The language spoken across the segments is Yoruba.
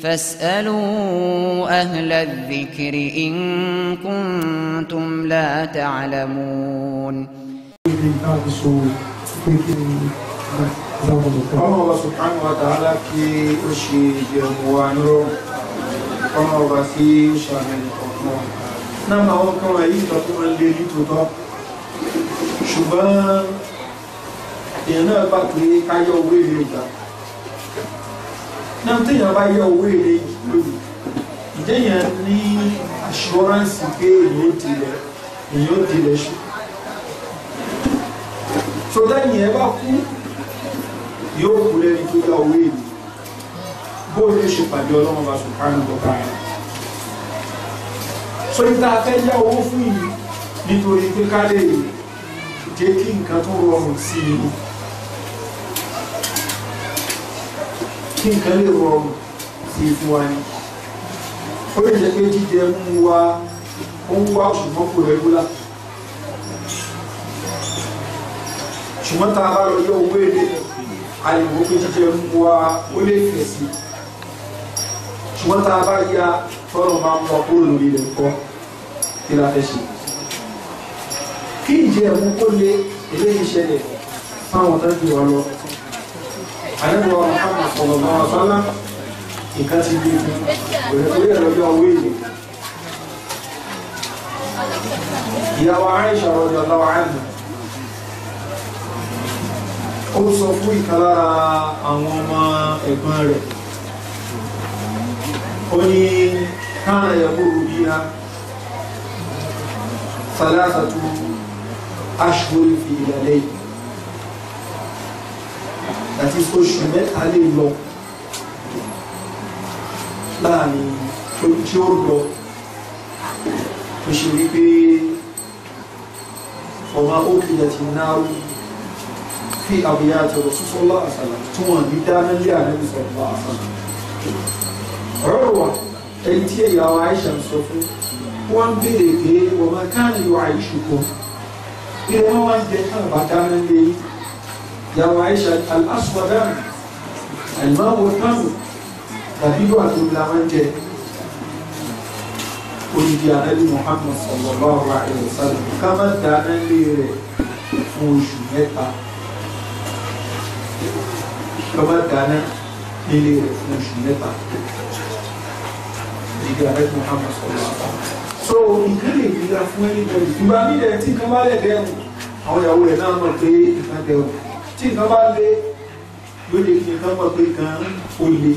فاسألوا أهل الذكر إن كنتم لا تعلمون ọlọ́wọ́ sùkánù àtàlá kí ó ṣe ìjẹ̀mù wa nírọ̀ ọmọ ọba sí ìṣàmìlì ọ̀pọ̀ náà àwọn kan wà yìí tọ́tí wọ́n lè ní tòótọ́ ṣùgbọ́n èèyàn náà bá pé káyọ̀ owó èrè ìjà náà téèyàn bá yá owó èlé yìí lónìí ìjẹyàn ní assurance pé èyí ó tilẹ̀ èyí ó tilẹ̀ ṣe so lẹ́yìn ẹ bá kú yóò kú lẹ́ni tó yá owó èlé bó lè ṣe pàdé ọlọ́run bá sùn kánú tó kára so ìta fẹ́ yá owó fún yìí nítorí pé ká lè jẹ́ kí nǹkan tó rọrùn sí i kí nǹkan lè rọrùn sí fún wa ni ó lè jẹ́ pé jíjẹ mú wa ó ń wá ṣùgbọ́n kò rẹ́gúlà ṣùgbọ́n tá a bá lọ yọ owó èlé àyẹ̀wò pé jíjẹ mú wa ó lè fèsì ṣùgbọ́n tá a bá ya tọ́lọ̀ máa mú ọkúrò lórí rẹ̀ kọ́ kí la fẹ́ ṣe kí ìjẹ́ ẹ̀mú kó lé eléyìí ṣẹlẹ̀ fáwọn tó ń jù wá lọ àyẹ̀wò Muhammad sallallahu alaihi wasallam nǹkan ti gbé fún òyìnbó yẹ̀ lọ́jọ́ owó èlò ìyàwó Aisha radiyallahu anha ó sọ fún ìkan lára àwọn ọmọ ẹ̀gbọ́n rẹ̀ ó ní káàrà yàgbó rubí ha salasatu ashhur fi ìdàlẹ́yìn àti oṣù mẹ́ta lè lọ láàrin tí ó lọ tó ṣe wípé ọba òkè àti náírà fi àbíyá àti ọ̀rọ̀ sọ́sọ́lá àṣàlà tí wọ́n ní dáná lé àrẹ́bí sọ̀rọ̀ àṣàlà ọ̀rọ̀ wa ẹni tí ẹ̀yà wa Aisha ń sọ fún wọ́n ń béèrè pé wọ́n máa káàlì wa àìṣùkọ́ ilé wọn wá ń jẹ káàbà dáná lé yìí يا معيشة الأصل دم الماء والدم تبيد أتملامنك قلت يا نبي محمد صلى الله عليه وسلم كما دانا لي فوش ميتا كما دانا لي فوش ميتا ìgbà rẹ̀ Muhammad sọ̀rọ̀ so ìkéde ìgbìyà tí nǹkan bá lé yóò lè fi nǹkan mọ̀ pé gan ó le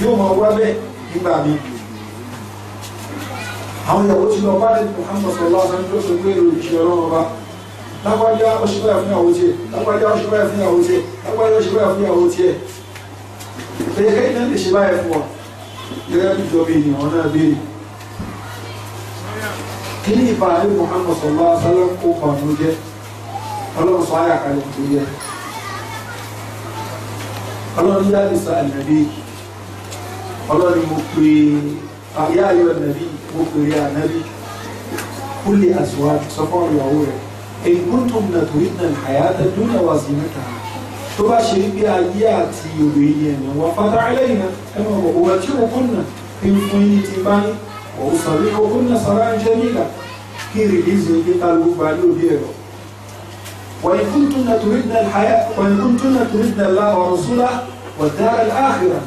yóò mọ wá bẹ́ẹ̀ nígbà mi. àwọn ìyàwó ti lọ bá lẹ́nu Muhammad sọlá ọ̀sán tó sọ pé èrò ìṣẹ̀ ọ̀rọ̀ ọba lágbájá ọṣùpá ẹ̀fún ìyàwó tiẹ̀ lágbájá ọṣùpá ẹ̀fún ìyàwó tiẹ̀ lágbájá ọṣùpá ẹ̀fún ìyàwó tiẹ̀ pẹ̀lú kẹ́kẹ́ náà lè ṣe báyẹn fún ọ gẹ́gẹ́ bí ìjọba ènìyàn náà béèrè kí ni ìbáraẹ̀ Muhammad sọlá ọ̀sán kó pàmò jẹ́ ọlọ́run sọ ayà kalẹ̀ tó yẹ ọlọ́run yá nìsa ànàbí ọlọ́run mo pè é yá ayọ̀ ànàbí mo pè é ànàbí ó lè àṣùwà sọ fún ìyàwó rẹ̀ èyí kún tó nà torí nà àyàtọ̀ tó nà wà sí mẹ́ta tó bá ṣe bí ayé àti òwe yẹn ni wọ́n fata ẹlẹ́yìn náà ẹnu ọ̀rọ̀ òwe tí mo kún nà fún yín ti bá ní òun sọ̀rọ̀ kó kún sọ̀rọ̀ àǹjẹ́ nígbà kí rìlíìsì yìí kí kálukú gba ní òbí ẹ̀rọ وإن كنتن تردن الحياة وإن كنتن تردن الله ورسوله والدار الآخرة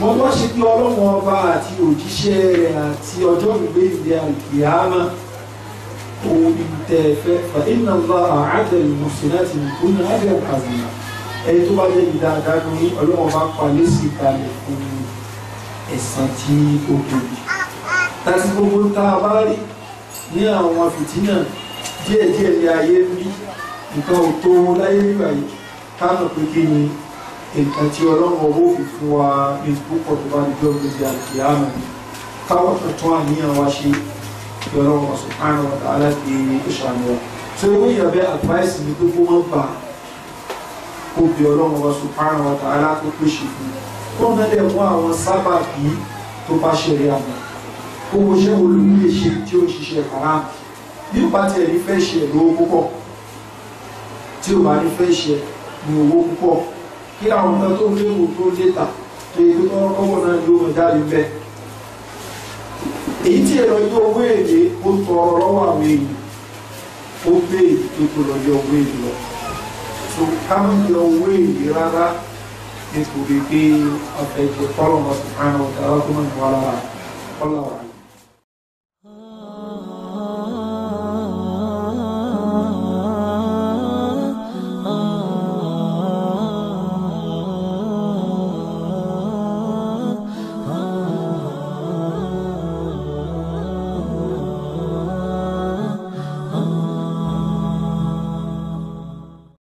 wọ́n wá ṣe pé ọlọ́run ọba àti òjíṣẹ́ rẹ̀ àti ọjọ́ ìgbé ìdí àìkìyàmá òun ni tẹ́ ẹ àádẹ́ ìmọ̀sìn láti nìkún ní abẹ́ àkàzìmá ẹni tó bá jẹ́ ìdáadáa ní ọlọ́run ọba palẹ́ sí ìbalẹ̀ fún ẹ̀sán tí ó tóbi láti gbogbo tá a bá ní àwọn fìtínà díẹ̀díẹ̀ ní ayé ń bí nǹkan ò tó láyé nígbà yìí ká mọ̀ pé kí ni nǹkan tí ọlọ́run owó fi fún wa ní púpọ̀ tó bá dijọ́ gbèsè àti àmọ́ káwọ́ tuntun àníyàn wa ṣe kí ọlọ́run ọ̀sùn kárùn ọ̀tá aláàbí ìṣàmì wa tó owó ìyàbẹ̀ advice mi tó kó wọ́n gbà kó bí ọlọ́run ọ̀sùn kárùn ọ̀tá aláàbí pèsè fún kó náà dẹ̀ mú àwọn sábà bí tó bá ṣẹlẹ̀ àmọ́ kó wo olùmúlẹ̀ ṣe tí ó ń ṣiṣẹ́ kàrá bí ó bá tiẹ̀ ní fẹ́ ṣe ẹ̀rọ púpọ̀ tí ò bá ní fẹ́ ṣe ní owó púpọ̀ kí àwọn nǹkan tó ń léwu tó léta tó yẹ kí wọ́n kọ́wọ́ náà ló mọ̀ jáde bẹ́ẹ̀. èyí tí ẹ̀rọ yọ owó èlé ó tọ ọ̀rọ̀ lọ́wọ́ àwọn èèyàn ó gbé ètò tó lọ yọ owó èlé lọ. tó ká má yọ owó èlé rárá nítorí pé ọ̀fẹ́ jẹ́ fọ́lọ́mọ̀sán àwọn ọ̀tá ọlọ́kùnrin wà lára ọlọ́wà.